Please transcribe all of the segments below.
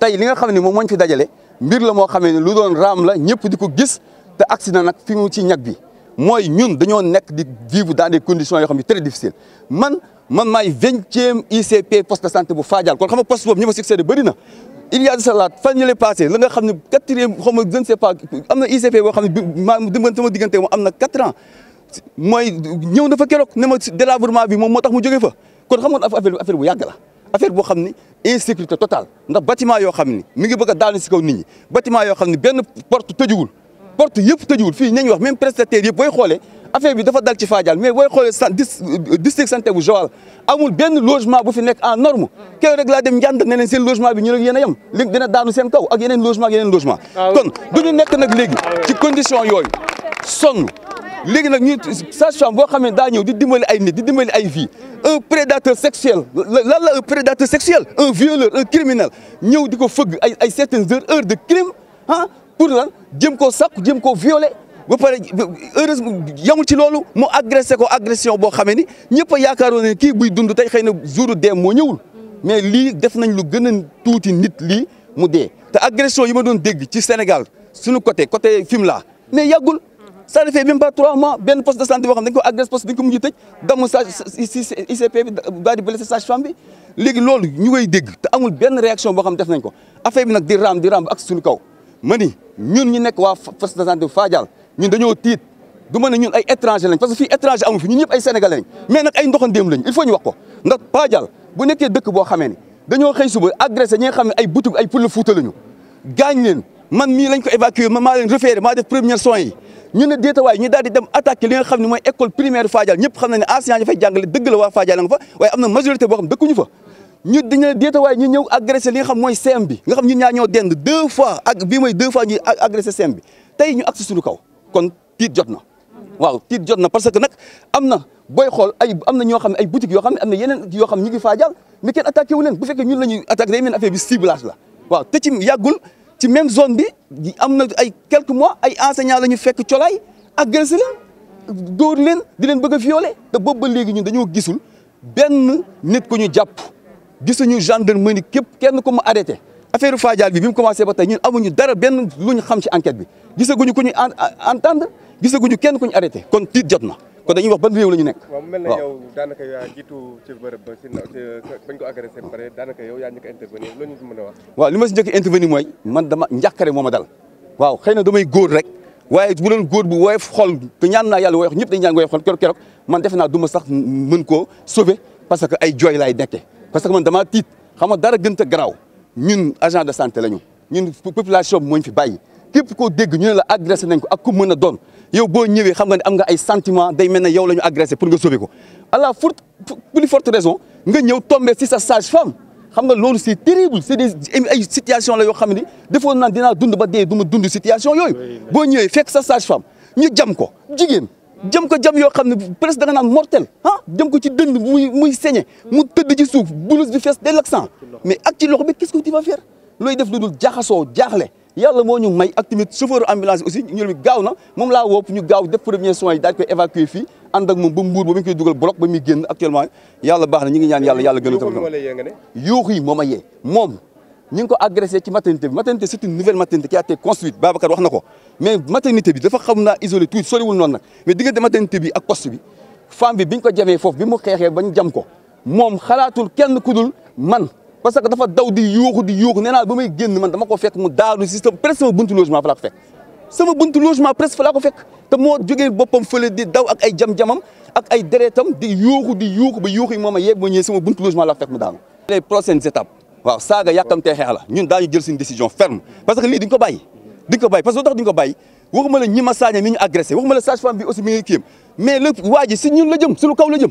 tay li nga xamni ne moñ fi dajale mbir la mo xamni lu doon ram la ñepp diko gis te accident nak fi mu ci ñag bi moy ñun dañoo nekk di vivre dans des conditions yo xamni très difficile man man may 20e ICP poste de santé bu Fadial kon xam nga poste bob ñi ma succédé bëri na il y a de cela fan yële passé la nga xamni 4e xam ma je ne sais pas amna ICP bo xamni ne ma diggante sama diggante moom am na ans moy ñew na fa kérok ne ma délabrement bi moom motax mu joggé fa kon xam nga affaire affaire bu yàgg la affaire boo xam insécurité totale ndax bâtiment yo xamni mi ngi bëgg daal ci kaw nit ñi bâtiment yo xamni ni benn porte tëjuwul porte yépp tëjuwul fi ñi wax même prestataire yépp boy xolé affaire bi dafa dal ci Fadial mais boy xolé district santé bu Joal amul benn logement bu fi nek en norme keroog rek la dem ñand ne leen seen logement bi ñu rek yéen yam yem dina daanu seen kaw ak yeneen logement ak yeneen logement ah kon du ñu nekk nag léegi ci condition yoy sonn léegi nak ñu sage-femme bo xam da daa di dimbali ay nit di dimbali ay vie un prédateur sexuel lan la un prédateur sexuel un violeur un criminel ñëw diko feug ay ay certaines heures heures de crime hein? pour lan jëm ko sak jëm ko violer ba paré heureusement yamul ci lolu mu agresser, ko agression bo xamee ni ñepp a ki buy dund tay xeyna na jour dem moo ñëwul mais li def nañ lu gën touti nit li mu dé te agression yima ma doon dégg ci Sénégal suñu côté côté Fimela mais yagul ça ne fait même pas trois mois benn poste de santé boo xam dañ ko agresse poste dañ ko mujj tëj damu sa ICP bi daal di blessé sa femme bi léegi loolu ñu koy dégg te amul ben réaction bo xam def nañ ko affaire bi nak di ram di ram ak suñu kaw mani ñun ñu nek wa poste de santé Fadial ñun dañoo tiit du ma ñun ay étranger lañ parce que fi étranger amu fi ñun ñëpp ay sénégalais lañ mais nak ay ndoxandéem lañ il faut ñu wax ko ndax Fadial bu nekké dëkk bo xamé ni dañoo xey suba agressé ñi xamé ay boutique ay pël Fuuta lañu gaañ leen man mi lañ ko évacuer ma maa leen référé ma def première soins yi ñu ne déetawaay ñu daal di dem attaquer li nga xam ne mooy école primaire Fadial ñëpp xam na ne enseignant yi fay jàngale dëgg la waa Fadial la nga fa waaye am na majorité boo xam dëkkuñu fa ñu dañu ne déetawaay ñu ñëw agressé li nga xam mooy CM bi nga xam ñun ñaa ñoo dend deux fois ak bii mooy deux fois ñuy agressé CM bi tey ñu agsi suñu kaw kon tiit jot na waaw tiit jot na parce que nag am na booy xool ay am na ñoo xam ne ay boutique yoo xam ne am na yeneen yoo xam ñu ngi Fadial mais kenn attaqué wu leen bu fekkee ñun la ñuy attaqué day affaire bi ciblage la waaw te ci yàggul ci même zone bi am na ay quelques mois ay enseignants la ñu fekk colaay agressé leen dóor leen di leen bëgg a violer te boobu ba léegi ñun dañoo gisul benn nit ku ñu jàpp gisuñu gendarmerie képp kenn ko mu arrêté. affaire Fadial bi bi mu commencé ba tay ñun amuñu dara benn luñu xam ci enquête bi gisaguñu ku ñu entendre gisaguñu kenn ku ñu arrêté kon tiit jotna kon dañuy wax ban réew la ñu nekk. waaw mel na yow daanaka yaa jiitu ci daanaka yow yaa njëkk a intervenir loolu ñu ci a wax. waaw li ma si njëkk a mooy man dama njàkkare moom ma dal waaw xëy na damay góor rek waaye bu doon góor bu woyof xol te ñaan naa yàlla woyof ñëpp dañ ñaan woyof xol keroog keroog man defe naa duma sax mën koo sauver parce que ay jooy laay nekkee parce que man damaa tiit xam nga dara gën a garaaw ñun agent de santé la ñu ñun population bi moo fi bàyyi képp koo dégg ñu ne la agressé nañ ko ak ku mën a doon yow bo a xam nga am nga ay sentiment day yow pour nga sauver ko la pour forte raison nga ñëw tomber sa sage-femme xam nga c'est terrible c'est des situation la yo xam ne defo na dina dund ba du dund situation sa sage-femme ñu jam ko jigen Jam ko jam xam da nga mortel ah Jam ko ci dënd muy muy saigner mu teud ci blouse mais ak qu'est-ce que tu vas faire def yàlla moo ñu may ak tamit chauffeur ambulance aussi ñu ne gaaw na moom laa wopp ñu gaaw def premiers soins yi daal koy évacuer fii ànd ak moom ba mbuur ba mu koy dugal bloc ba muy génn actuellement yàlla baax na ñu ngi ñaan yàlla yàlla gën a tam moom a yee moom ñu ngi ko agressé ci maternité bi maternité c'est une nouvelle maternité qui a été construite Babacar wax na ko mais maternité bi dafa xam naa isolé tuuti soriwul noonu nag mais diggante maternité ko jamee foofu bi mu xeexee bañ jam ko moom xalaatul kenn ku dul man parce que dafa daw di yuuxu di yuuxu nee bamay ba génn man dama ko fekk mu daanu système sama presque sama buntu logement fa laa ko fekk sama buntu logement presque fa laa ko fekk te moo jógee boppam fële di daw ak ay jam-jamam ak ay deretam di yuuxu di yuuxu ba yuuxu moma moom a yeeg ma ñëwee sama buntu logement la ko fekk mu daanu les prochaines étapes waaw saga yàkkamtee xeex la ñun dañu jël suñu décision ferme parce que lii diñ ko bàyyi diñ ko bàyyi parce que tax diñ ko bàyyi waxuma la ñi ma saaña mi ñu agressé waxuma la sage femme bi aussi mi ngi kiyam mais le waa si ñun la jëm suñu kaw la jëm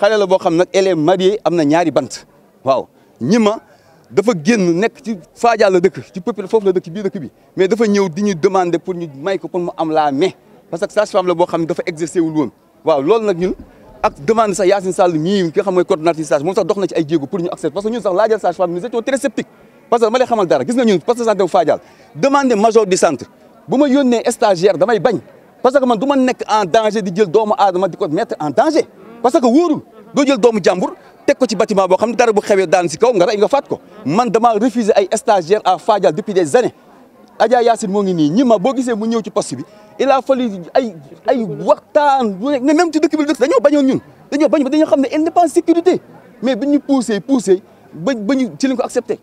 xalé la bo xam nak elle marié amna ñaari bant waaw ñima dafa génn nek ci Fadial la dëkk ci peuple fofu la dëkk bii dëkk bi mais dafa ñëw di ñu demander pour ñu may ko pour mu am la mais parce que sa femme la bo xam dafa exercer wul woon waaw lool nak ñun ak demande sax Yassine Sall mi ki xam mooy coordonnateur stage mo sax dox na ci ay djégu pour ñu accès parce que ñun sax laajal sage-femme nous étions très sceptiques parce que ma lay xamal dara gis nga ñun parce que santé bu Fadial demander major du centre bu ma yónnee stagiaire damay bañ parce que man duma nek en danger di jël doomu aadama di ko mettre en danger parce que wóorul do jël doomu jambour tek ko ci bâtiment bo xamni dara bu xewé daan ci kaw nga ray nga fat ko man dama refuser ay stagiaire à Fadial depuis des années Adja yassine mo ngi ni ñima bo gisé mu ñëw ci poste bi il a fallu ay ay waxtaan ne même ci dëkk bi dëkk dañu bañoon ñun dañu bañ dañu xamné xam indépendance sécurité mais biñu pousser pousser poussé ba ci liñ ko accepter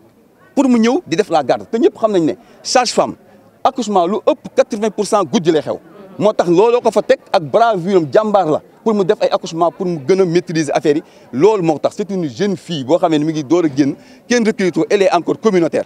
pour mu ñëw di def la garde te ñepp xamnañ né charge femme accouchement lu upp 80 pour guddi lay xew motax tax ko fa tek ak bravure jambar la pour me def ay accouchement pour me maîtriser l'affaire, c'est une jeune fille qui xamee mi a elle est encore communautaire